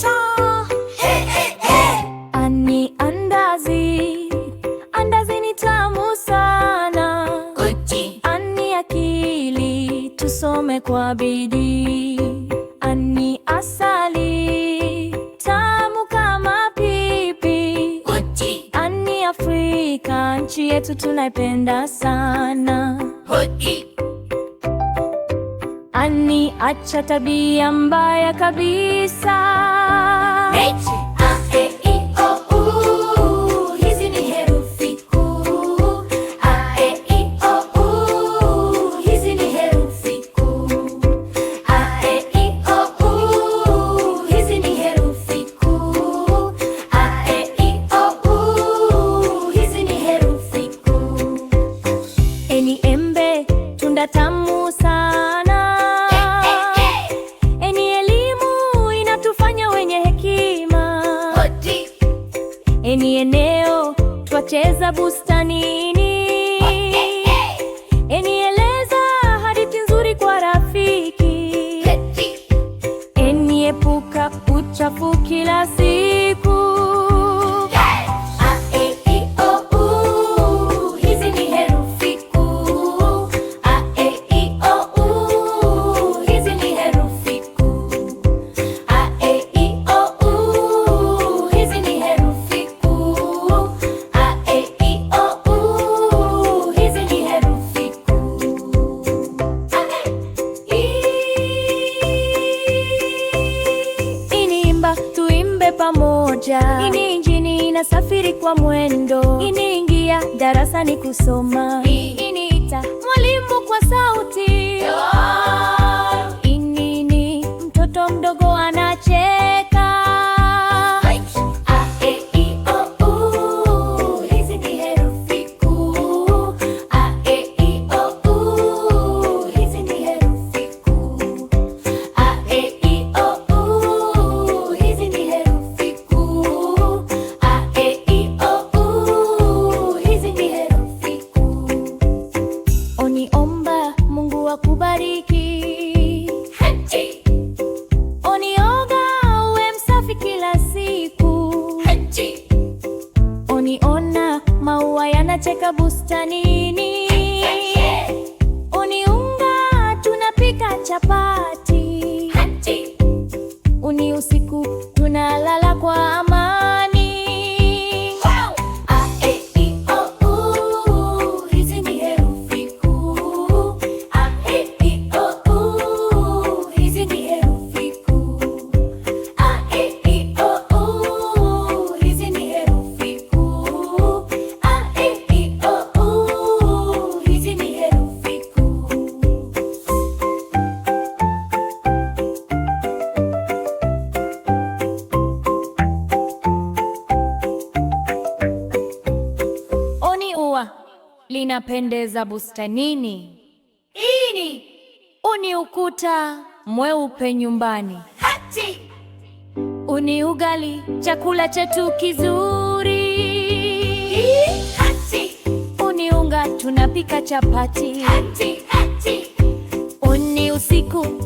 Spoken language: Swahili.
cha andazi, andazi ni tamu sana Gucci. akili, tusome kwa bidii. Ani asali, tamu kama pipi Gucci. Ani Afrika, nchi yetu tunaipenda sana Gucci acha tabia mbaya kabisa. Echi. ni eneo twacheza bustanini. Enieleza hadithi nzuri kwa rafiki. Eniepuka uchafu kila Tuombe pamoja. Ini injini inasafiri kwa mwendo. Ini ingia darasani kusoma. Ini ita mwalimu kwa sauti. Mungu akubariki. Onioga uwe msafi kila siku. Oniona maua yanacheka bustanini. Oniunga tunapika chapati. linapendeza bustanini. Ini uni ukuta mweupe nyumbani. Hati uni ugali chakula chetu kizuri. Hati uni unga tunapika chapati. Hati hati uni usiku